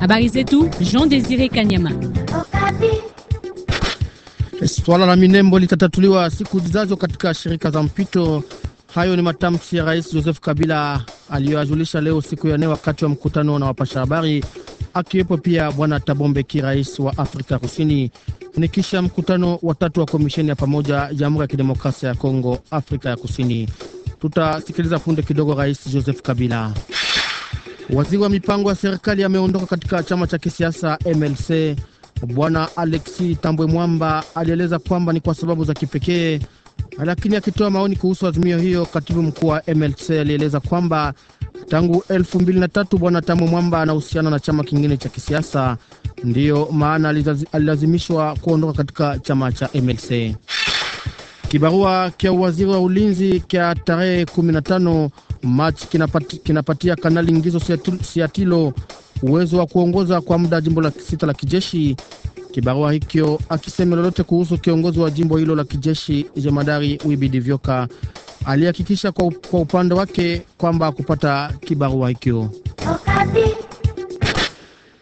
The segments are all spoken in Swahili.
Habari zetu Jean Desire Kanyama. Swala la Minembo litatatuliwa siku zijazo katika shirika za mpito. Hayo ni matamshi ya Rais Joseph Kabila aliyoajulisha leo siku ya nne wakati wa mkutano na wapasha habari, akiwepo pia Bwana tabombeki rais wa Afrika Kusini. Ni kisha mkutano wa tatu wa komisheni ya pamoja Jamhuri ya Kidemokrasia ya Kongo, Afrika ya Kusini. Tutasikiliza punde kidogo Rais Joseph Kabila. Waziri wa mipango ya serikali ameondoka katika chama cha kisiasa MLC. Bwana Alexi Tambwe Mwamba alieleza kwamba ni kwa sababu za kipekee, lakini akitoa maoni kuhusu azimio hiyo, katibu mkuu wa MLC alieleza kwamba tangu 23 Bwana Tambwe Mwamba anahusiana na chama kingine cha kisiasa, ndiyo maana alilazimishwa kuondoka katika chama cha MLC. Kibarua kya waziri wa ulinzi kya tarehe 15 Match kinapati, kinapatia Kanali Ngizo Siatilo uwezo wa kuongoza kwa muda jimbo la sita la kijeshi. Kibarua hikyo akisema lolote kuhusu kiongozi wa jimbo hilo la kijeshi jemadari Wibidi Vyoka alihakikisha kwa, kwa upande wake kwamba kupata kibarua hikyo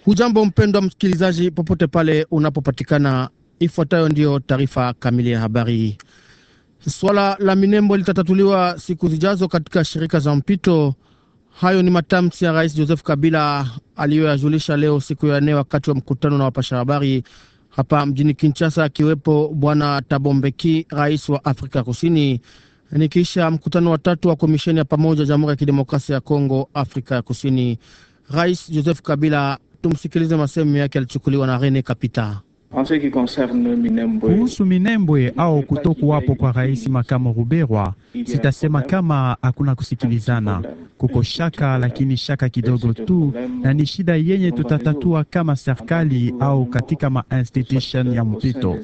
Hujambo mpendwa msikilizaji, popote pale unapopatikana, ifuatayo ndiyo taarifa kamili ya habari. Swala la minembo litatatuliwa siku zijazo katika shirika za mpito. Hayo ni matamshi ya Rais Joseph Kabila aliyoyajulisha leo siku ya nne wakati wa mkutano na wapasha habari hapa mjini Kinshasa, akiwepo Bwana Tabombeki, rais wa Afrika Kusini. Ni mkutano wa tatu wa komisheni ya pamoja Jamhuri ya Kidemokrasia ya Kongo, Afrika ya Kusini. Rais Joseph Kabila, tumsikilize masemo yake yalichukuliwa na Rene Kapita. Kuhusu Minembwe au kutokuwapo kwa rais makamu Ruberwa, sitasema kama hakuna kusikilizana. Kuko shaka, lakini shaka kidogo tu, na ni shida yenye tutatatua kama serikali au katika ma institution ya mpito.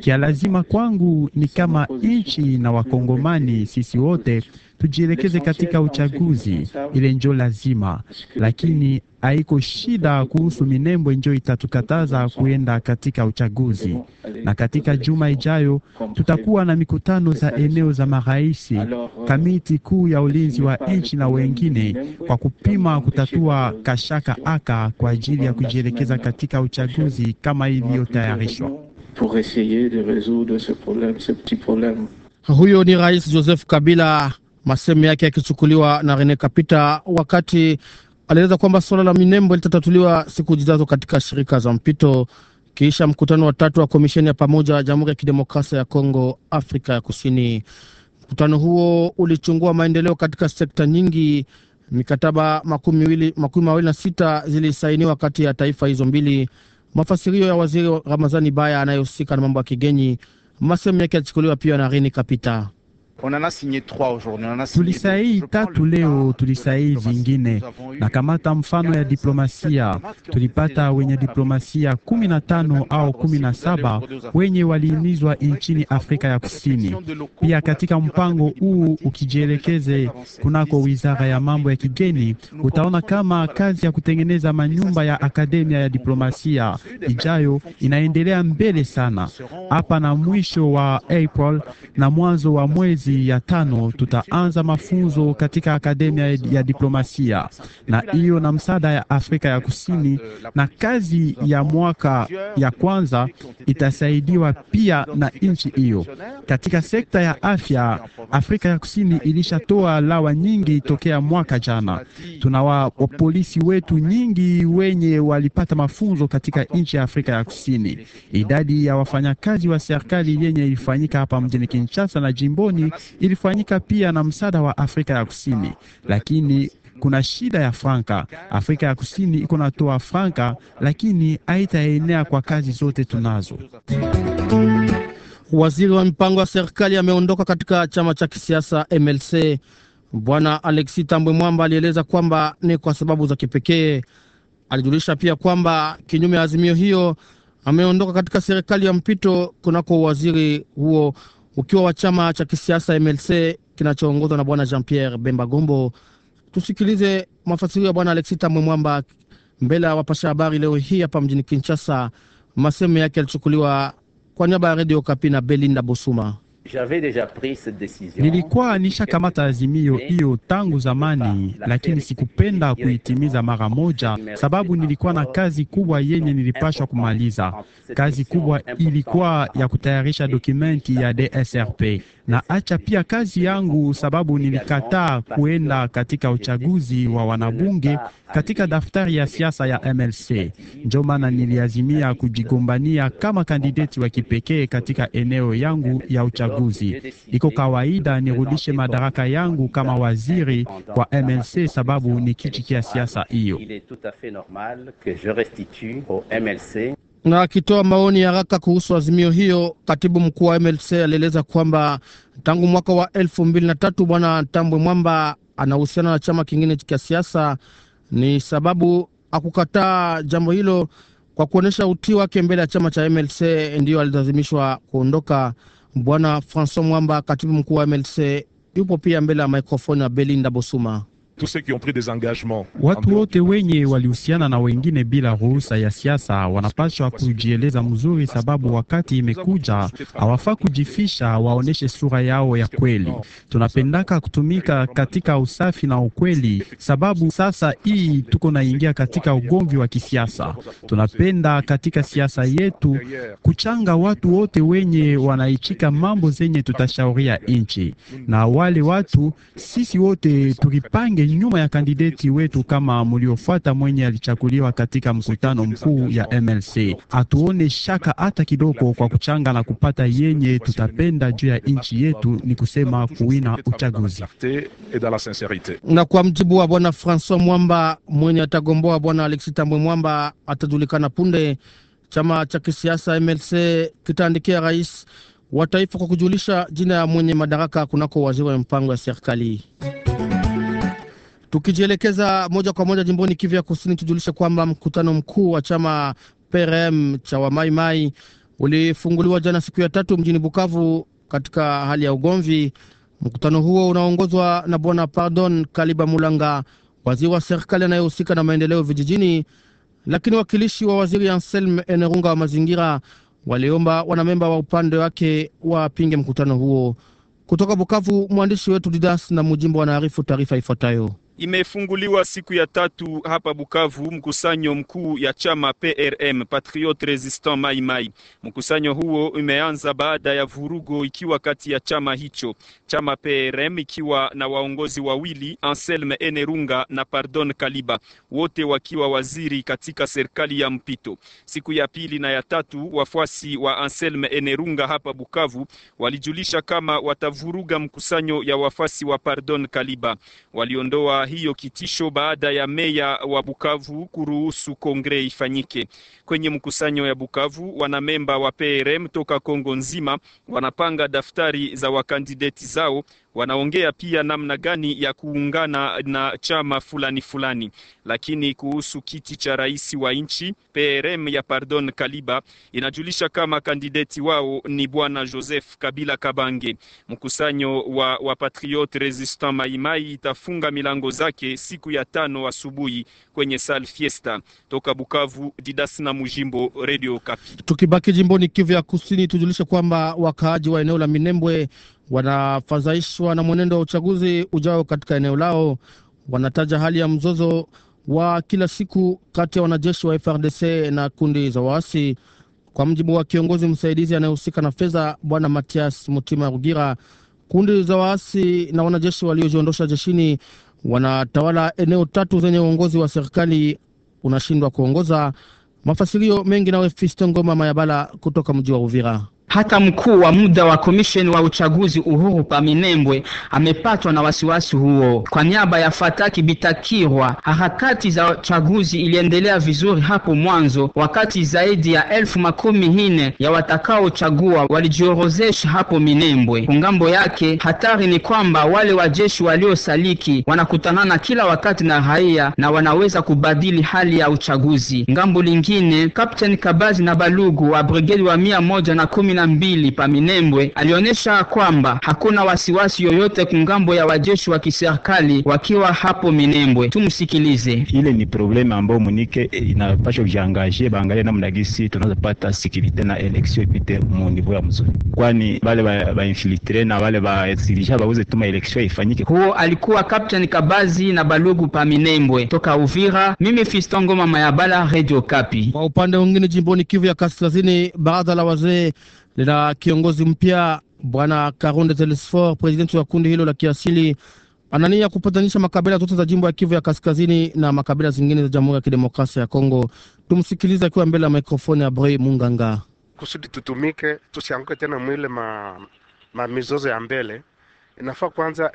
Kia lazima kwangu ni kama nchi na wakongomani sisi wote tujielekeze katika uchaguzi, ile njo lazima, lakini haiko shida kuhusu minembo njo itatukataza kuenda katika uchaguzi. Na katika juma ijayo tutakuwa na mikutano za eneo za maraisi, euh, kamiti kuu ya ulinzi wa nchi na wengine, kwa kupima kutatua kashaka aka kwa ajili ya kujielekeza katika uchaguzi kama ilivyotayarishwa. Huyo ni Rais Joseph Kabila Masemi yake yakichukuliwa na Rene Kapita wakati alieleza kwamba suala la Minembo litatatuliwa siku zijazo katika shirika za mpito kisha mkutano wa tatu wa komisheni ya pamoja ya Jamhuri ya Kidemokrasia ya Kongo Afrika ya Kusini. Mkutano huo ulichungua maendeleo katika sekta nyingi. Mikataba makumi mawili na sita zilisainiwa kati ya taifa hizo mbili. Mafasirio ya waziri Ramazani Baya anayehusika na mambo ya kigeni. Masehemu yake yachukuliwa pia na Rini Kapita. On en a signé tulisaini tatu leo, tulisaini zingine na kamata mfano ya diplomasia. Tulipata wenye diplomasia kumi na tano au kumi na saba wenye waliimizwa nchini Afrika ya Kusini. Pia katika mpango huu ukijielekeze kunako wizara ya mambo ya kigeni, utaona kama kazi ya kutengeneza manyumba ya akademia ya diplomasia ijayo inaendelea mbele sana. Hapa na mwisho wa April na mwanzo wa mwezi mwezi ya tano tutaanza mafunzo katika akademia ya diplomasia na hiyo na msaada ya Afrika ya Kusini, na kazi ya mwaka ya kwanza itasaidiwa pia na nchi hiyo. Katika sekta ya afya, Afrika ya Kusini ilishatoa lawa nyingi tokea mwaka jana. Tuna wapolisi wetu nyingi wenye walipata mafunzo katika nchi ya Afrika ya Kusini. Idadi ya wafanyakazi wa serikali yenye ilifanyika hapa mjini Kinshasa na jimboni ilifanyika pia na msaada wa Afrika ya Kusini, lakini kuna shida ya franka. Afrika ya Kusini iko natoa franka, lakini haitaenea kwa kazi zote tunazo. Waziri wa mipango ya serikali ameondoka katika chama cha kisiasa MLC. Bwana Alexi Tambwe Mwamba alieleza kwamba ni kwa sababu za kipekee. Alijulisha pia kwamba kinyume ya azimio hiyo ameondoka katika serikali ya mpito kunako waziri huo ukiwa wa chama cha kisiasa MLC kinachoongozwa na bwana Jean Pierre Bemba Gombo. Tusikilize mafasirio ya bwana Alexis Tambwe Mwamba mbele ya wapasha habari leo hii hapa mjini Kinshasa. Masemo yake yalichukuliwa kwa niaba ya radio Kapi na Belinda Bosuma. Nilikuwa nishakamata azimio hiyo tangu zamani, lakini sikupenda kuitimiza mara moja, sababu nilikuwa na kazi kubwa yenye nilipashwa kumaliza. Kazi kubwa ilikuwa ya kutayarisha dokumenti ya DSRP na acha pia kazi yangu, sababu nilikataa kuenda katika uchaguzi wa wanabunge katika daftari ya siasa ya MLC. Ndio maana niliazimia kujigombania kama kandideti wa kipekee katika eneo yangu ya uchaguzi. Iko kawaida nirudishe madaraka yangu kama waziri wa MLC, sababu ni kiti cha siasa hiyo. Na akitoa maoni haraka kuhusu azimio hiyo, katibu mkuu wa MLC alieleza kwamba tangu mwaka wa elfu mbili na tatu bwana Tambwe Mwamba anahusiana na chama kingine cha siasa. Ni sababu akukataa jambo hilo kwa kuonyesha utii wake mbele ya chama cha MLC, ndiyo alilazimishwa kuondoka. Bwana Francois Mwamba, katibu mkuu wa MLC, yupo pia mbele ya mikrofoni ya Belinda Bosuma. Watu wote wenye walihusiana na wengine bila ruhusa ya siasa wanapaswa kujieleza mzuri, sababu wakati imekuja, hawafaa kujifisha, waoneshe sura yao ya kweli. Tunapendaka kutumika katika usafi na ukweli, sababu sasa hii tuko naingia katika ugomvi wa kisiasa. Tunapenda katika siasa yetu kuchanga watu wote wenye wanaichika mambo zenye tutashauria nchi na wale watu, sisi wote tukipange nyuma ya kandideti wetu kama muliofuata mwenye alichaguliwa katika mkutano mkuu ya MLC. Hatuone shaka hata kidogo kwa kuchanga na kupata yenye tutapenda juu ya nchi yetu, ni kusema kuwina uchaguzi. Na kwa mjibu wa bwana Francois Mwamba mwenye atagomboa bwana Alexis Tambwe Mwamba atajulikana punde. Chama cha kisiasa MLC kitaandikia rais wa taifa kwa kujulisha jina ya mwenye madaraka kunako waziri wa mpango ya serikali. Tukijielekeza moja kwa moja jimboni Kivu ya Kusini, tujulishe kwamba mkutano mkuu wa chama PRM cha Wamaimai ulifunguliwa jana siku ya tatu mjini Bukavu katika hali ya ugomvi. Mkutano huo unaongozwa na Bwana Pardon Kaliba Mulanga, waziri wa serikali anayehusika na maendeleo vijijini, lakini wakilishi wa waziri Anselm Enerunga wa mazingira waliomba wanamemba wa upande wake wapinge mkutano huo. Kutoka Bukavu, mwandishi wetu Didas na Mujimbo wanaarifu taarifa ifuatayo imefunguliwa siku ya tatu hapa Bukavu mkusanyo mkuu ya chama PRM Patriot Resistant Mai Mai. Mkusanyo huo umeanza baada ya vurugo ikiwa kati ya chama hicho, chama PRM ikiwa na waongozi wawili Anselme Enerunga na Pardon Kaliba, wote wakiwa waziri katika serikali ya mpito. Siku ya pili na ya tatu, wafuasi wa Anselme Enerunga hapa Bukavu walijulisha kama watavuruga mkusanyo ya wafuasi wa Pardon Kaliba, waliondoa hiyo kitisho baada ya meya wa Bukavu kuruhusu kongre ifanyike. Kwenye mkusanyo ya Bukavu, wanamemba wa PRM toka Kongo nzima wanapanga daftari za wakandideti zao wanaongea pia namna gani ya kuungana na chama fulani fulani, lakini kuhusu kiti cha rais wa nchi PRM ya Pardon Kaliba inajulisha kama kandideti wao ni bwana Joseph Kabila Kabange. Mkusanyo wa, wa Patriot Resistant Maimai itafunga milango zake siku ya tano asubuhi kwenye Sal Fiesta. Toka Bukavu, Didas na Mujimbo, Radio Kapi. Tukibaki jimboni Kivu ya Kusini, tujulishe kwamba wakaaji wa eneo la Minembwe wanafadhaishwa na mwenendo wa uchaguzi ujao katika eneo lao. Wanataja hali ya mzozo wa kila siku kati ya wanajeshi wa FRDC na kundi za waasi. Kwa mjibu wa kiongozi msaidizi anayehusika na fedha Bwana Matias Mutima Rugira, kundi za waasi na wanajeshi waliojiondosha jeshini wanatawala eneo tatu zenye uongozi wa serikali unashindwa kuongoza. mafasilio mengi nawe Fisto Ngoma Mayabala kutoka mji wa Uvira. Hata mkuu wa muda wa komisheni wa uchaguzi Uhuru Paminembwe amepatwa na wasiwasi huo. Kwa niaba ya Fataki Bitakirwa, harakati za uchaguzi iliendelea vizuri hapo mwanzo, wakati zaidi ya elfu makumi nne ya watakaochagua walijiorozesha hapo Minembwe. Kungambo yake, hatari ni kwamba wale wajeshi waliosaliki wanakutanana kila wakati na raia na wanaweza kubadili hali ya uchaguzi. Ngambo lingine, Kapteni Kabazi na Balugu wa brigedi wa mia moja na kumi na na mbili pa Minembwe alionyesha kwamba hakuna wasiwasi yoyote kungambo ya wajeshi wa kiserikali wakiwa hapo Minembwe. Tumsikilize. Ile ni problema ambayo munike eh, inapasha kujiangaje, baangalie namna gisi tunaweza pata sikilite na election ipite mu niveau ya mzuri, kwani wale bainfiltre ba na wale bazilisha baweze tuma election ifanyike. Huo alikuwa Kapteni Kabazi na Balugu pa Minembwe. Toka Uvira, mimi Fistongo mama ya bala Radio Kapi. Kwa upande mwingine, jimboni Kivu ya Kaskazini, baraza la wazee lina kiongozi mpya Bwana Karonde Telesfor, presidenti wa kundi hilo la kiasili, anania kupatanisha makabila zote za jimbo ya Kivu ya Kaskazini na makabila zingine za Jamhuri ya Kidemokrasia ya Kongo. Tumsikilize akiwa mbele ya mikrofoni ya Munganga. Kusudi tutumike, tusianguke tena mwile ma, ma mizozo ya mbele, inafaa kwanza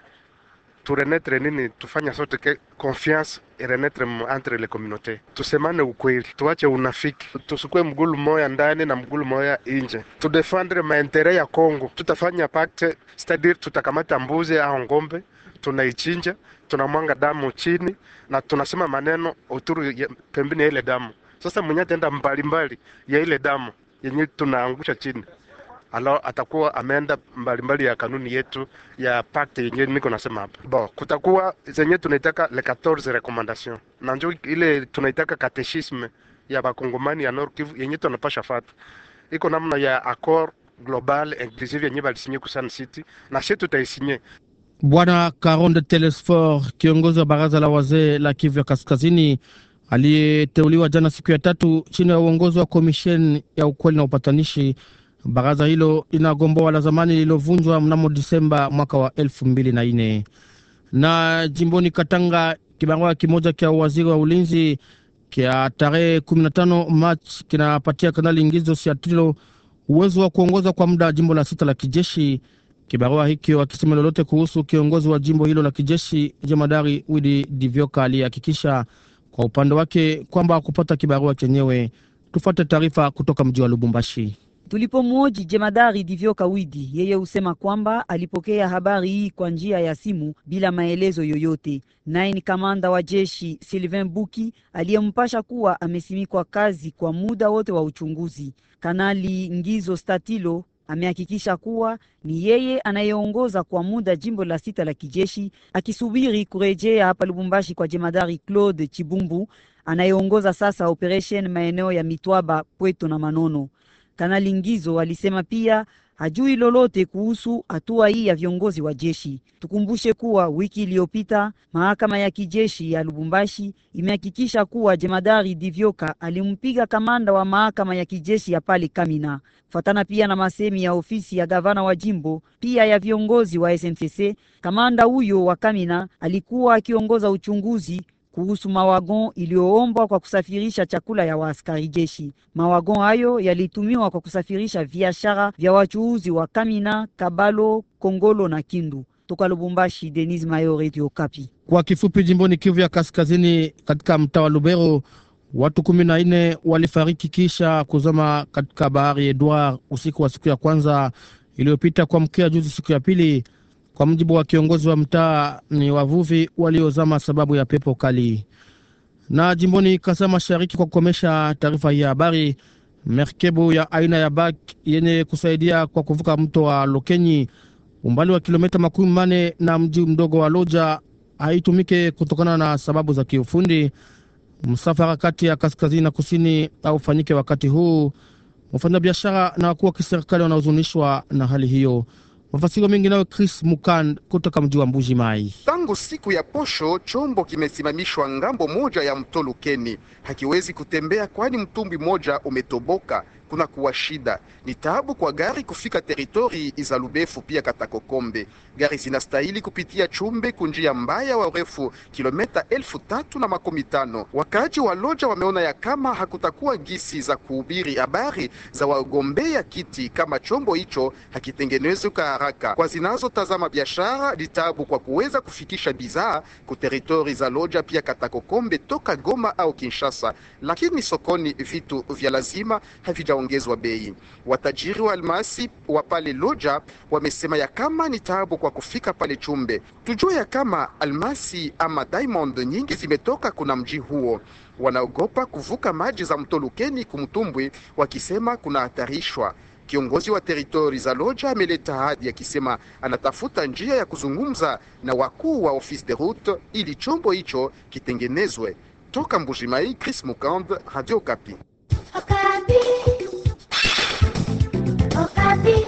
tu renaître nini, tufanya sote ke confiance irenetre entre le communauté, tusemane ukweli, tuache unafiki, tusukue mgulu moya ndani na mgulu moya inje, tudefendre maintere ya congo Tutafanya pacte, c'est-à-dire tutakamata mbuzi au ngombe, tunaichinja, tunamwanga damu chini na tunasema maneno uturu pembeni ya ile damu. Sasa mwenye ataenda mbalimbali ya ile damu yenye tunaangusha chini alo atakuwa ameenda mbalimbali ya kanuni yetu ya pacte yenye niko nasema hapa. Bon, kutakuwa zenye tunaitaka le 14 recommandation na njo ile tunaitaka katechisme ya bakongomani ya Nord Kivu yenye tunapasha fata, iko namna ya accord global inclusive yenye balisinye kusana city na sisi tutaisinye. Bwana Caron de Telesfor, kiongozi wa baraza la wazee la Kivu ya Kaskazini, aliyeteuliwa jana siku ya tatu chini ya uongozi wa komisheni ya ukweli na upatanishi Baraza hilo linagomboa la zamani lililovunjwa mnamo Disemba mwaka wa elfu mbili na nne. Na jimboni Katanga, kibarua kimoja kya waziri wa ulinzi kya tarehe 15 Machi kinapatia Kanali Ngizo Siatilo uwezo wa kuongoza kwa muda jimbo la sita la kijeshi. Kibarua hikyo akisema lolote kuhusu kiongozi wa jimbo hilo la kijeshi jemadari Widi Divyoka aliyehakikisha kwa upande wake kwamba kupata kibarua chenyewe. Tufate taarifa kutoka mji wa Lubumbashi. Tulipomwoji jemadari Divyo Kawidi, yeye husema kwamba alipokea habari hii kwa njia ya simu bila maelezo yoyote. Naye ni kamanda wa jeshi Sylvain Buki aliyempasha kuwa amesimikwa kazi kwa muda wote wa uchunguzi. Kanali Ngizo Statilo amehakikisha kuwa ni yeye anayeongoza kwa muda jimbo la sita la kijeshi, akisubiri kurejea hapa Lubumbashi kwa jemadari Claude Chibumbu anayeongoza sasa operation maeneo ya Mitwaba, Pweto na Manono. Kanali Ngizo alisema pia hajui lolote kuhusu hatua hii ya viongozi wa jeshi. Tukumbushe kuwa wiki iliyopita mahakama ya kijeshi ya Lubumbashi imehakikisha kuwa jemadari Divyoka alimpiga kamanda wa mahakama ya kijeshi ya pale Kamina, fatana pia na masemi ya ofisi ya gavana wa jimbo pia ya viongozi wa SNCC. Kamanda huyo wa Kamina alikuwa akiongoza uchunguzi kuhusu mawagon iliyoombwa kwa kusafirisha chakula ya waaskari jeshi. Mawagon hayo yalitumiwa kwa kusafirisha biashara vya wachuuzi wa Kamina, Kabalo, Kongolo na Kindu. Toka Lubumbashi, Denis Mayo, Radio Kapi. Kwa kifupi, jimboni Kivu ya Kaskazini, katika mtaa wa Lubero watu kumi na nne walifariki kisha kuzama katika bahari Edward usiku wa siku ya kwanza iliyopita kuamkia juzi siku ya pili. Kwa mujibu wa kiongozi wa mtaa, ni wavuvi waliozama sababu ya pepo kali. Na jimboni Kasa Mashariki, kwa kukomesha taarifa hii ya habari, merkebu ya aina ya bak yenye kusaidia kwa kuvuka mto wa Lokenyi umbali wa kilomita makumi mane na mji mdogo wa Loja haitumike kutokana na sababu za kiufundi. Msafara kati ya kaskazini na kusini haufanyike wakati huu. Wafanyabiashara na wakuu wa kiserikali wanahuzunishwa na hali hiyo. Mafasiro mengi nayo Chris Mukan kutoka mji wa Mbuji Mai. Tangu siku ya posho chombo kimesimamishwa ngambo moja ya mto Lukeni, hakiwezi kutembea kwani mtumbwi moja umetoboka kuna kuwa shida, ni taabu kwa gari kufika teritori Izalubefu pia Katakokombe. Gari zinastahili kupitia Chumbe kunjia mbaya wa urefu kilometa elfu tatu na makumi tano. Wakaaji wa Loja wameona ya kama hakutakuwa gisi za kuhubiri habari za wagombea kiti kama chombo hicho hakitengenezwi kwa haraka. Kwa zinazotazama biashara, ni taabu kwa kuweza kufikisha bidhaa ku teritori za Loja pia Katakokombe toka Goma au Kinshasa, lakini sokoni vitu vya lazima havija itaongezwa bei. Watajiri wa almasi wa pale Loja wamesema ya kama ni taabu kwa kufika pale Chumbe. Tujue ya kama almasi ama diamond nyingi zimetoka kuna mji huo, wanaogopa kuvuka maji za mto Lukeni kumtumbwi, wakisema kuna hatarishwa Kiongozi wa teritori za Loja ameleta hadi akisema anatafuta njia ya kuzungumza na wakuu wa office de route ili chombo hicho kitengenezwe. Toka Mbujimai, Chris Mukand, Radio Kapi. Okapi.